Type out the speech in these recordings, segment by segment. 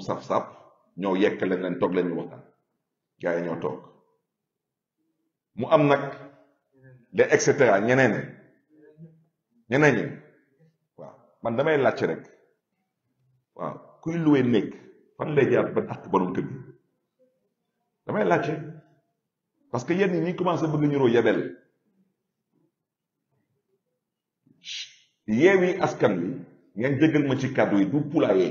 bu saf-saf ñoo yekk leen leen toog leen ñu waxtaan yi ñoo toog mu am nag de et cetera ñeneen ñeneen ñi waaw man damay laajte rek waaw kuy luwee néeg fan lay jaar ba dàq borom kër damay laajte parce que yenn ñi ñu commencé bëgg ñu roo yebel yeewi askan wi ngeen jéggal ma ci kàddu yi du pulaayee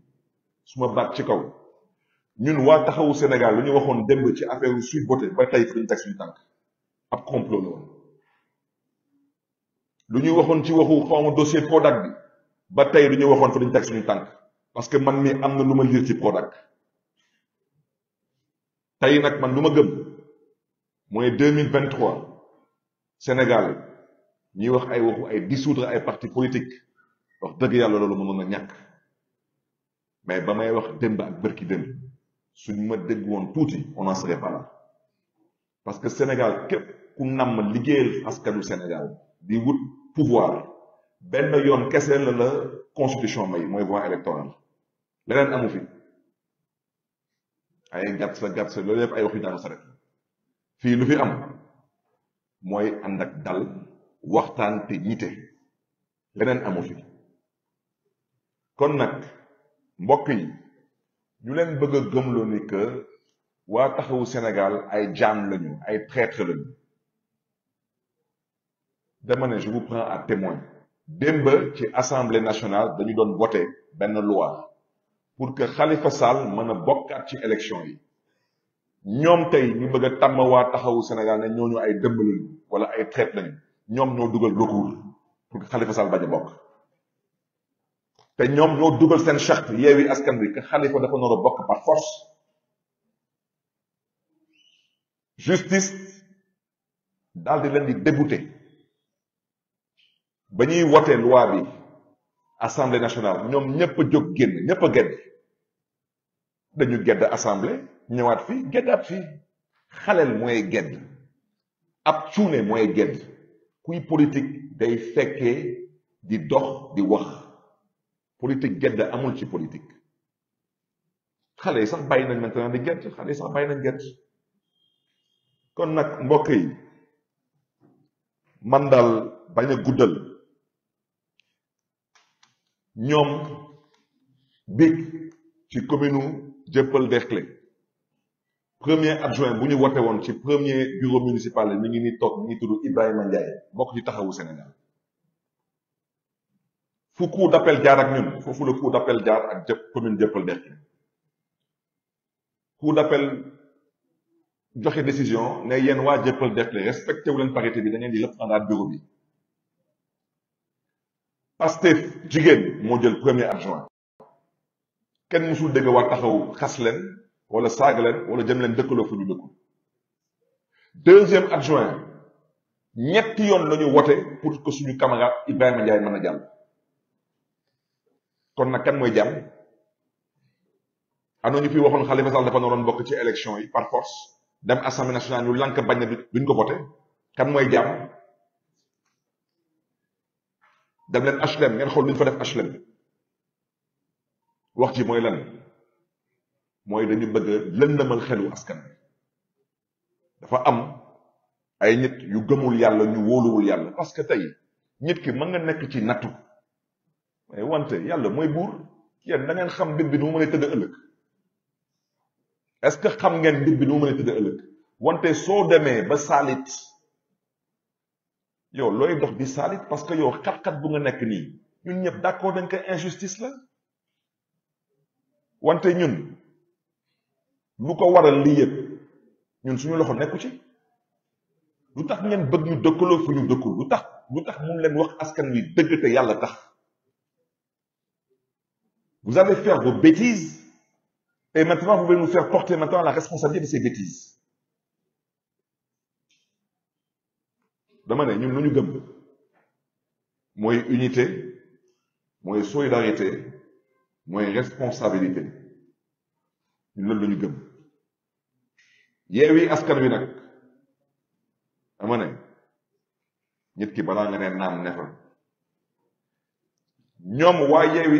suma baat ci kaw ñun waa taxawu Sénégal lu ñu waxoon démb ci affaire suuf voté ba tey fi ñu teg suñu tànk ab complot la woon lu ñu waxoon ci waxu xawma dossier Prodac bi ba tey lu ñu waxoon fi ñu teg suñu tànk parce que man mi am na lu ma liir ci Prodac tey nag man lu ma gëm mooy 2023 mille vingt trois Sénégal ñuy wax ay waxu ay dissoudre ay parti politique wax dëgg yàlla loolu mënoon a ñàkk mais bamay wax démb ak barki dem suñ ma dégg woon tuuti on en serait pas là parce que Sénégal képp ku nam liggéeyal askanu Sénégal di wut pouvoir benn yoon kese la la constitution may mooy voix électorale leneen amu fi ay gàtt sa gàtt sa loolu yëpp ay waxu yu daanu saret fii lu fi am mooy ànd ak dal waxtaan te ñite leneen amu fi kon nag mbokk yi ñu leen a que Sénégal je vous prends à témoin démb ci assemblée nationale dañu voté benn loi pour que Khalifa Sall mën bokkaat ci élection yi ñoom tey ñu bëgg Sénégal ne ñooñu ay wala pour que Khalifa Sall te ñoom ñoo dugal seen charte Yewwi Askan Wi que Khalifa dafa nar bokk par force justice daal leen di débouté ba ñuy wotee loi bi assemblée nationale ñoom ñépp jóg génn ñépp a gedd dañu gedd assemblée ñëwaat fi geddaat fi xaleel mooy gedd ab cuune mooy gedd kuy politique day fekkee di dox di wax politique gedd amul ci politique xalé sax bay nañ maintenant di gedd xalé sax bay nañ gedd kon nak mbokk yi man dal baña guddal ñom big ci commune jeppal dexle premier adjoint bu ñu wote woon ci premier bureau municipal mi ngi ni tok mi tuddu ibrahima ndiaye bokk ci taxawu sénégal fu cour d'appel jaar ak ñun foofu le cour d'appel jaar ak jëpp commune Dieuppeul-Derklé cour d'appel joxe décision ne yéen waa Dieuppeul-Derklé respecté wu leen parité bi da ngeen di lépp àndaat bureau bi Pastef jigéen moo jël premier adjoint kenn musul dégg waa taxaw xas leen wala saag leen wala jëm leen dëkkaloo fu ñu dëkkul deuxième adjoint ñetti yoon la ñu wote pour que suñu camarade Ibrahima Ndiaye mën a kon nag kan mooy jàmm am na ñu fi waxoon Khalifa Sall dafa naroon bokk ci élection yi par force dem assemblée nationale ñu lank bañ na duñ ko voté kan mooy jàmm dem leen HLM ngeen xool luñ fa def HLM wax ji mooy lan mooy dañu bëgg lëndëmal xelu askan dafa am ay nit yu gëmul yàlla ñu wóoluwul yàlla parce que tey nit ki mën nga nekk ci nattu mais wante yàlla mooy buur yéen da ngeen xam mbir bi nu mu mën tëdd ëllëg ce que xam ngeen mbir bi nu mu mën a tëdd wante soo demee ba saalit yow looy dox di saalit parce que yow xat-xat bu nga nekk nii ñun ñëpp d'accord dañ ko injustice la wante ñun lu ko waral lii yëpp ñun suñu loxo nekku ci lu tax ngeen bëgg ñu dëkkaloo fu ñu dëkkul lu tax lu tax mun leen wax askan wi dëgg te yàlla tax Vous avez fait vos bêtises et maintenant vous voulez nous faire porter maintenant la responsabilité de ces bêtises. dama ne ñun lu ñu gëm mooy unité mooy solidarité mooy responsabilité ñun loolu lu ñu gëm Yewwi Askan Wi nag dama ne nit ki balaa nous ne naam ne fa ñoom waa Yewwi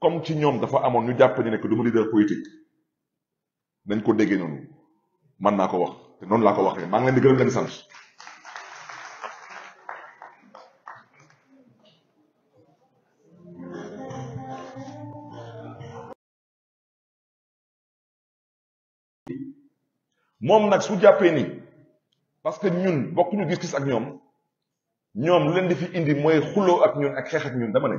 comme ci ñom dafa amone ñu jàpp ni nekk du leader politique nañ ko déggé noonu man naa ko wax té noonu laa ko waxee maa ngi leen di gërëm leen sant mom nak su jappé ni parce que ñun bokkuñu gis-gis ak ñom ñom lu leen di fi indi moy xuloo ak ñun ak xeex ak ñun dama ne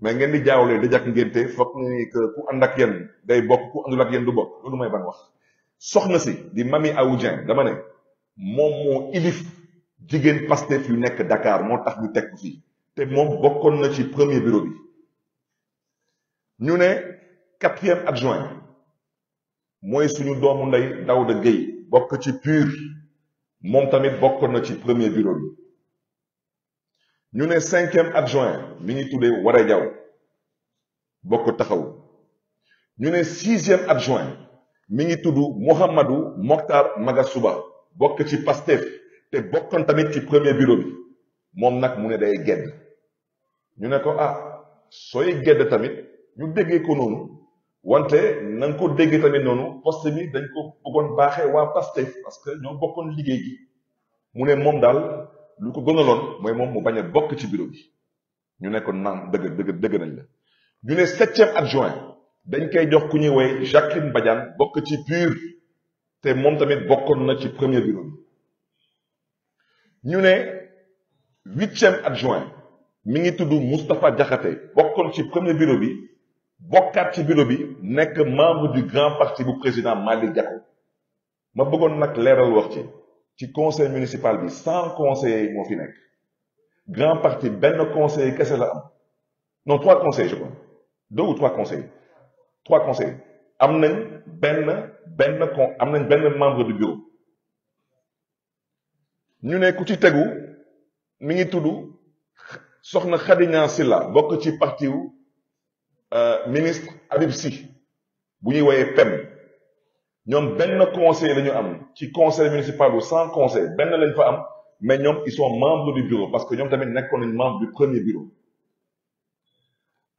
mais ngeen di jaawlee dëj ak ngénte foog ni que ku ànd ak yéen day bokk ku àndul ak yéen du bokk loolu mooy ban wax soxna si di Mamy Awa Dieng dama ne moom moo ilif jigéen Pastef yu nekk dakaar moo tax ñu teg ko fii te moom bokkoon na ci premier bureau bi ñu ne quatrième adjoint mooy suñu doomu ndey Daouda Gueye bokk ci PUR moom tamit bokkoon na ci premier bureau bi ñu ne cinquième adjoint mi ngi tuddee Wara Diaw bokk taxaw ñu ne sixième adjoint mi ngi tudd Mouhamadou Mokhtar Magasuba bokk ci Pastef te bokkoon tamit ci premier bureau bi moom nag mu ne day gedd ñu ne ko ah sooy gedd tamit ñu déggee ko noonu wante na nga ko déggee tamit noonu poste bi dañ ko bëggoon baaxee waa Pastef parce ñoo bokkoon liggéey gi mu ne moom daal lu ko gënaloon mooy moom mu bañ a bokk ci bureau bi ñu ne ko naan dëgg dëgg dëgg nañ la ñu ne septième adjoint dañ koy jox ku ñuy woy Jacqueline Badiane bokk ci PUR te moom tamit bokkoon na ci premier bureau bi ñu ne huitième adjoint mi ngi tudd Moustapha Diakhaté bokkoon ci premier bureau bi bokkaat ci bureau bi nekk membre du grand parti bu président Malick Gakou ma bëggoon nag leeral wax ci ci conseil municipal bi sans conseiller moo fi nekk grand parti benn conseiller kese la am non trois conseillers je crois deux ou trois conseillers trois conseillers am nañ benn benn con am nañ benn membre du bureau ñu ne ku ci tegu mi ngi tudd soxna Khady Niang Sylla bokk ci parti euh, ministre Adib Sy bu ñuy woyee PEM il benn conseil la am conseil municipal ou sans conseil benn lañ fa mais ils sont membres du bureau parce que ñom tamit nekkoon nañ membre du premier bureau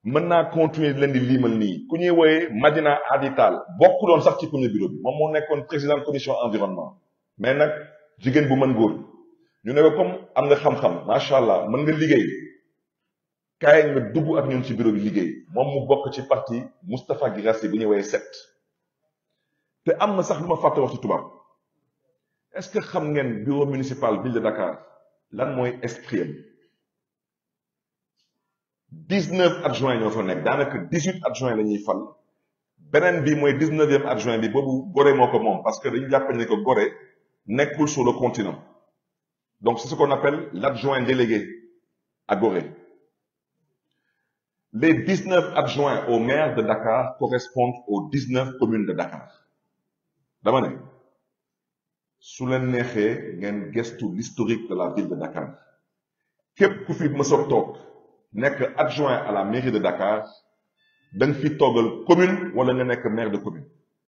mën naa continuer liimal nii ku ñuy Madina Adital sax ci premier bureau bi moom moo nekkoon président commission environnement mais nag jigéen bu ñu ne comme am nga xam-xam macha allah nga liggéey kaay nga dugg ak ci bureau bi liggéey moom mu bokk ci parti Moustapha Guirassy bu sept et ce que je Est-ce que vous savez le bureau municipal de la ville de Dakar, qu'est-ce Il a 19 adjoints Il n'y dans que 18 adjoints sont là. Benen bi moy 19e adjoint bi bobu goré parce que dañu japp ko goré sur le continent donc c'est ce qu'on appelle l'adjoint délégué à Gorée. les 19 adjoints au maire de Dakar correspondent aux 19 communes de Dakar dama ne su leen neexee ngeen gestu l'historique de la ville de Dakar képp ku fi mës a toog nekk adjoint à la mairie de Dakar danga fi toogal commune wala nga nekk maire de commune